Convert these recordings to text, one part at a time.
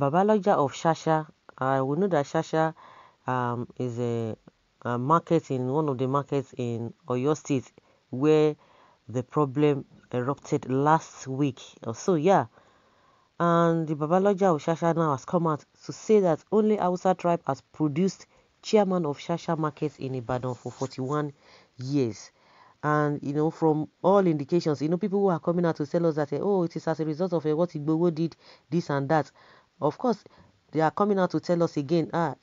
Babaloja of Shasha, uh, we know that Shasha um, is a, a, market in one of the markets in Oyo State where the problem erupted last week or so, yeah. And the Babaloja of Shasha now has come out to say that only Hausa tribe has produced chairman of Shasha markets in Ibadan for 41 years and you know from all indications you know people who are coming out to tell us that eh, oh it is as a result of uh, what Igbowo did this and that of course, they are coming out to tell us again ah,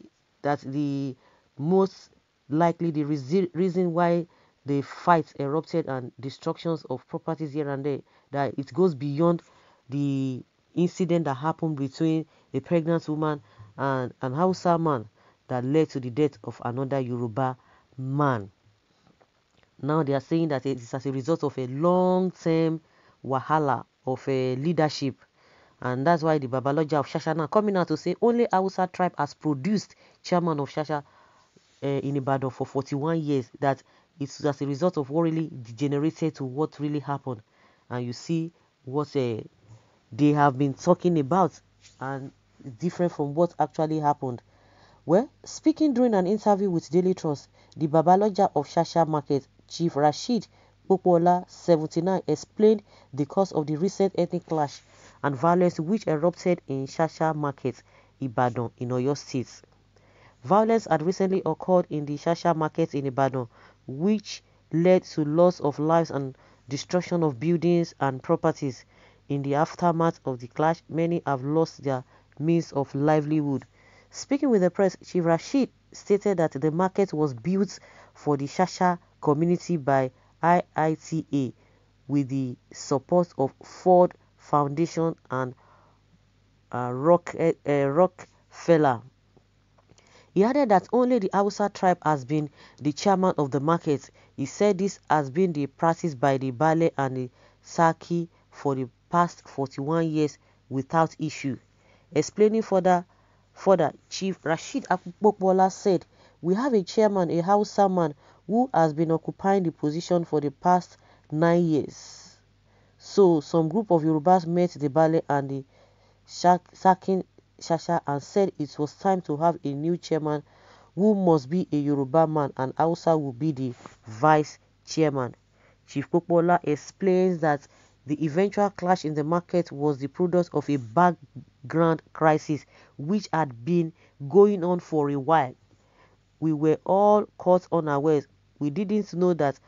that the most likely the reason why the fights erupted and destructions of properties here and there, that it goes beyond the incident that happened between a pregnant woman and an Hausa man that led to the death of another Yoruba man. Now they are saying that it is as a result of a long term wahala of a eh, leadership and that's why the Babaloja of Shasha now coming out to say only Hausa tribe has produced chairman of Shasha uh, in Ibadan for 41 years. That it's as a result of what really degenerated to what really happened. And you see what uh, they have been talking about and different from what actually happened. Well, speaking during an interview with Daily Trust, the Babaloja of Shasha Market, Chief Rashid Popola, 79, explained the cause of the recent ethnic clash and violence which erupted in Shasha Market, Ibadan, in Oyo State. Violence had recently occurred in the Shasha Market in Ibadan, which led to loss of lives and destruction of buildings and properties. In the aftermath of the clash, many have lost their means of livelihood. Speaking with the press, Chief Rashid stated that the market was built for the Shasha community by IITA with the support of Ford Foundation and uh, Rock, uh, eh, Rockefeller. He added that only the Hausa tribe has been the chairman of the market. He said this has been the practice by the Bale and the Saki for the past 41 years without issue. Explaining further, further Chief Rashid Akpokbola said, We have a chairman, a Hausa man, who has been occupying the position for the past nine years. So some group of Yorubas met the ballet and the Sacking Shasha and said it was time to have a new chairman who must be a Yoruba man and Hausa will be the vice chairman. Chief Popola explains that the eventual clash in the market was the product of a background crisis which had been going on for a while. We were all caught unawares. We didn't know that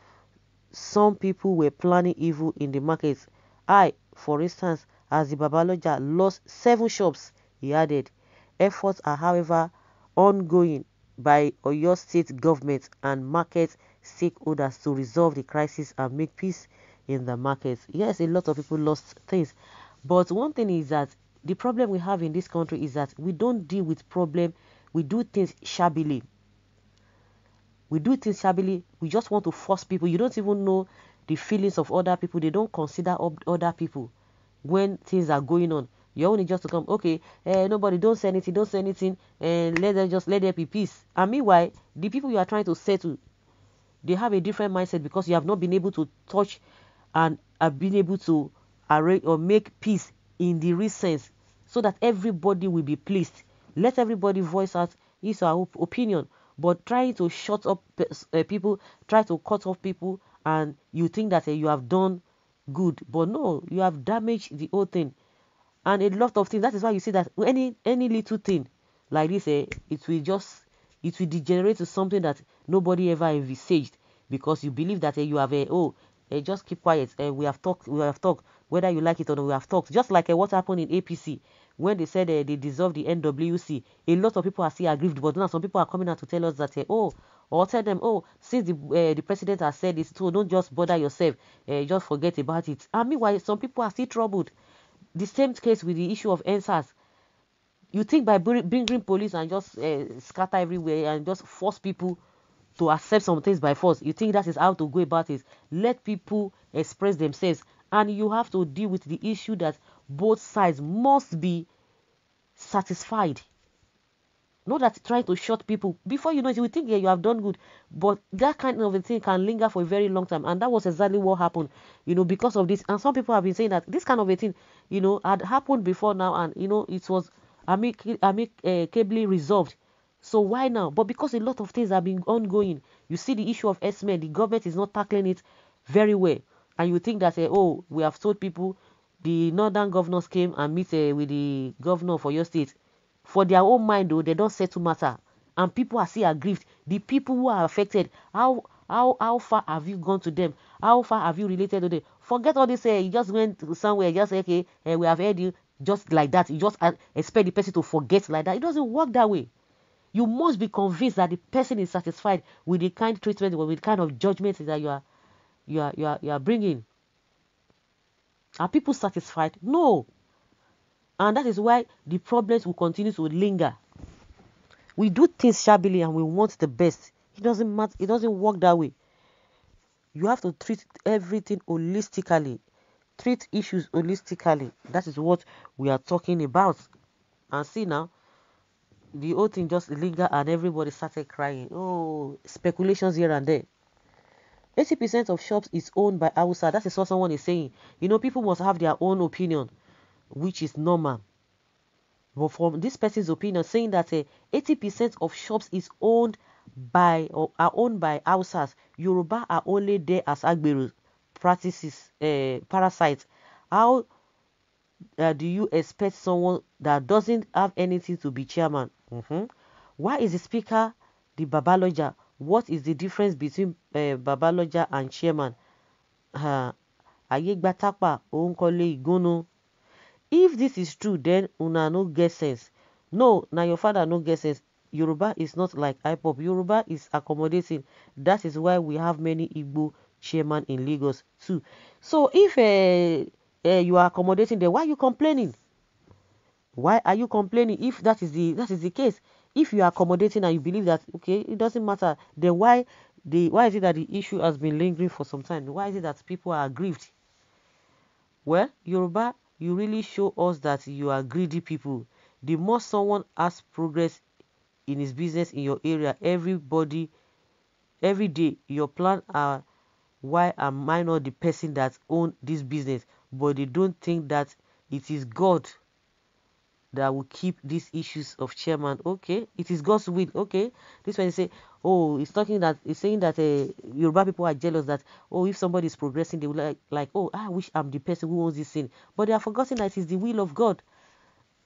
some people were planning evil in the markets. I, for instance, as the Babaloja lost seven shops, he added. Efforts are, however, ongoing by Oyo state government and market stakeholders to resolve the crisis and make peace in the markets. Yes, a lot of people lost things. But one thing is that the problem we have in this country is that we don't deal with problem. We do things shabbily. We do things shabbily. We just want to force people. You don't even know the feelings of other people. They don't consider other people when things are going on. You only just to come, okay, eh, nobody, don't say anything, don't say anything, and eh, let them just let there be peace. And meanwhile, the people you are trying to settle, they have a different mindset because you have not been able to touch and have been able to arrange or make peace in the real sense so that everybody will be pleased. Let everybody voice out his or her opinion but trying to shut up uh, people, try to cut off people, and you think that uh, you have done good, but no, you have damaged the whole thing, and a lot of things. That is why you see that any any little thing like this, uh, it will just it will degenerate to something that nobody ever envisaged because you believe that you have a oh just keep quiet we have talked we have talked whether you like it or not we have talked just like what happened in apc when they said uh, they deserve the NWC, a lot of people are still aggrieved. But now some people are coming out to tell us that, uh, oh, or tell them, oh, since the, uh, the president has said this, so don't just bother yourself, just forget about it. And meanwhile, some people are still troubled. The same case with the issue of answers. You think by bringing police and just scatter everywhere and just force people to accept some things by force, you think that is how to go about it. Let people express themselves and you have to deal with the issue that both sides must be satisfied. Not that trying to short people. Before you know it, you think, yeah, you have done good. But that kind of a thing can linger for a very long time. And that was exactly what happened, you know, because of this. And some people have been saying that this kind of a thing, you know, had happened before now. And, you know, it was amicably eh, resolved. So why now? But because a lot of things have been ongoing. You see the issue of S-Men. The government is not tackling it very well. And you think that, uh, oh, we have told people the northern governors came and meet uh, with the governor for your state. For their own mind, though, they don't settle matter, and people are still aggrieved. The people who are affected, how how how far have you gone to them? How far have you related to them? Forget all this. Uh, you just went somewhere, just okay, uh, we have heard you, just like that. You just uh, expect the person to forget like that. It doesn't work that way. You must be convinced that the person is satisfied with the kind of treatment, with the kind of judgment that you are, you are, you are, you are bringing. Are people satisfied? No. And that is why the problems will continue to linger. We do things shabbily and we want the best. It doesn't matter, it doesn't work that way. You have to treat everything holistically. Treat issues holistically. That is what we are talking about. And see now, the whole thing just lingered and everybody started crying. Oh, speculations here and there. 80% of shops is owned by Hausa. That is what someone is saying. You know, people must have their own opinion, which is normal. But from this person's opinion, saying that 80% uh, eh, of shops is owned by or are owned by Hausas, Yoruba are only there as Agberu practices uh, parasites. How uh, do you expect someone that doesn't have anything to be chairman? Mm -hmm. Why is the speaker the Babaloja what is the difference between uh, Babaloja and Chairman uh, Ayegbatapa Onkole Igono? If this is true, then una no get sense. No, now your father no get sense. Yoruba is not like IPOP. Yoruba is accommodating. That is why we have many Igbo chairman in Lagos too. So if uh, uh, you are accommodating, then why are you complaining? Why are you complaining if that is the that is the case? if you are accommodating and you believe that okay it doesn't matter then why the why is it that the issue has been lingering for some time why is it that people are aggrieved well yoruba you really show us that you are greedy people the more someone has progress in his business in your area everybody every day your plan are why am i not the person that own this business but they don't think that it is god that will keep these issues of chairman. Okay, it is God's will. Okay, this one is say, oh, it's talking that it's saying that uh, Yoruba people are jealous that oh, if somebody is progressing, they will like like oh, I wish I'm the person who owns this thing, but they are forgetting that it is the will of God.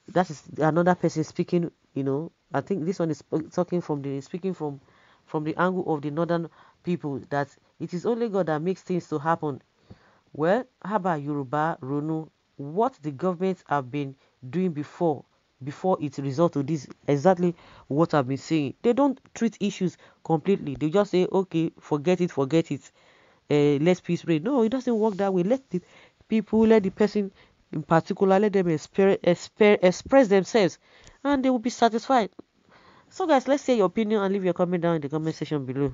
That is another person speaking. You know, I think this one is talking from the speaking from from the angle of the northern people that it is only God that makes things to happen. Well, how about Yoruba Runu? What the governments have been doing before before it results to this exactly what i've been saying they don't treat issues completely they just say okay forget it forget it uh, eh, let's peace pray no it doesn't work that way let the people let the person in particular let them exper- exper- express themselves and they will be satisfied so guys let's say your opinion and leave your comment down in the comment section below